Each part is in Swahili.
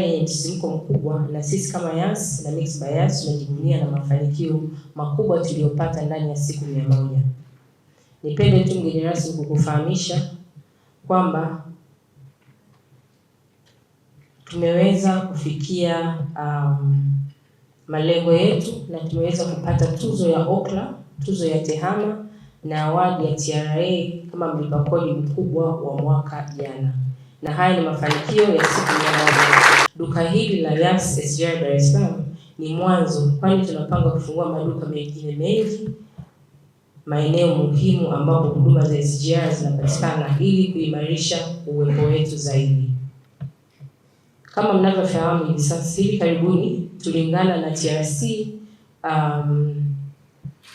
yenye msisimko mkubwa, na sisi kama Yas na Mixx by Yas tunajivunia na mafanikio makubwa tuliyopata ndani ya siku mia moja. Nipende tu mgeni rasmi kukufahamisha kwamba tumeweza kufikia um, malengo yetu na tumeweza kupata tuzo ya Okla, tuzo ya TEHAMA na awadi ya TRA kama mlipa kodi mkubwa wa mwaka jana na haya ni mafanikio ya siku mia moja. Duka hili la Yas SGR Dar es Salaam ni mwanzo, kwani tunapanga kufungua maduka mengine mengi maeneo muhimu ambapo huduma za SGR zinapatikana ili kuimarisha uwepo wetu zaidi. Kama mnavyofahamu, hivi sasa hivi karibuni tulingana na TRC um,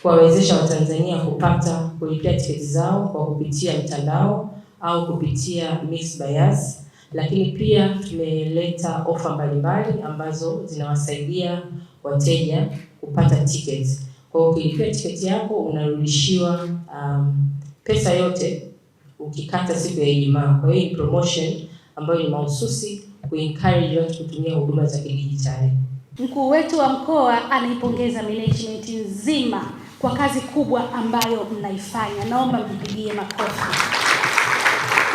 kuwawezesha Watanzania kupata kulipia tiketi zao kwa kupitia mtandao au kupitia Miss Bias, lakini pia tumeleta ofa mbalimbali ambazo zinawasaidia wateja kupata tiketi. Kwa hiyo ukilipia tiketi yako unarudishiwa um, pesa yote ukikata siku ya Ijumaa. Kwa hiyo ni promotion ambayo ni mahususi kuencourage watu kutumia huduma za kidijitali. Mkuu wetu wa mkoa anaipongeza management nzima kwa kazi kubwa ambayo mnaifanya. Naomba mpigie makofi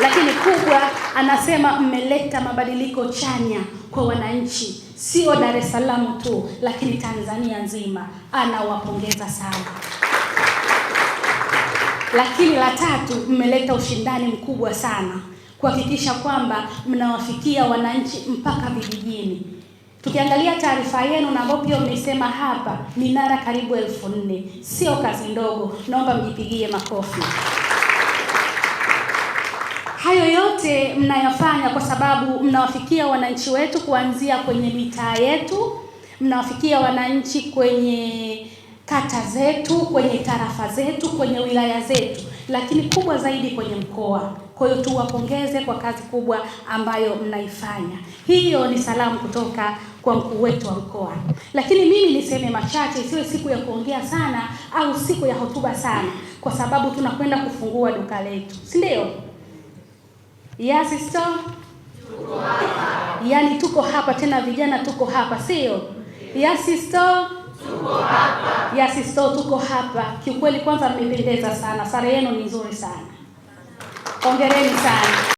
lakini kubwa anasema mmeleta mabadiliko chanya kwa wananchi, sio Dar es Salaam tu, lakini Tanzania nzima. Anawapongeza sana. Lakini la tatu, mmeleta ushindani mkubwa sana kuhakikisha kwamba mnawafikia wananchi mpaka vijijini. Tukiangalia taarifa yenu na ambayo pia umesema hapa, minara karibu elfu nne sio kazi ndogo. Naomba mjipigie makofi. Hayo yote mnayafanya kwa sababu mnawafikia wananchi wetu kuanzia kwenye mitaa yetu, mnawafikia wananchi kwenye kata zetu, kwenye tarafa zetu, kwenye wilaya zetu, lakini kubwa zaidi kwenye mkoa. Kwa hiyo tuwapongeze kwa kazi kubwa ambayo mnaifanya. Hiyo ni salamu kutoka kwa mkuu wetu wa mkoa. Lakini mimi niseme machache, isiwe siku ya kuongea sana au siku ya hotuba sana, kwa sababu tunakwenda kufungua duka letu, si ndio? Ya sister, tuko hapa. Yani tuko hapa tena, vijana tuko hapa, sio? Ya sister, tuko hapa. Ya sister, tuko hapa. Kiukweli kwanza mmependeza sana, sare yenu ni nzuri sana, hongereni sana.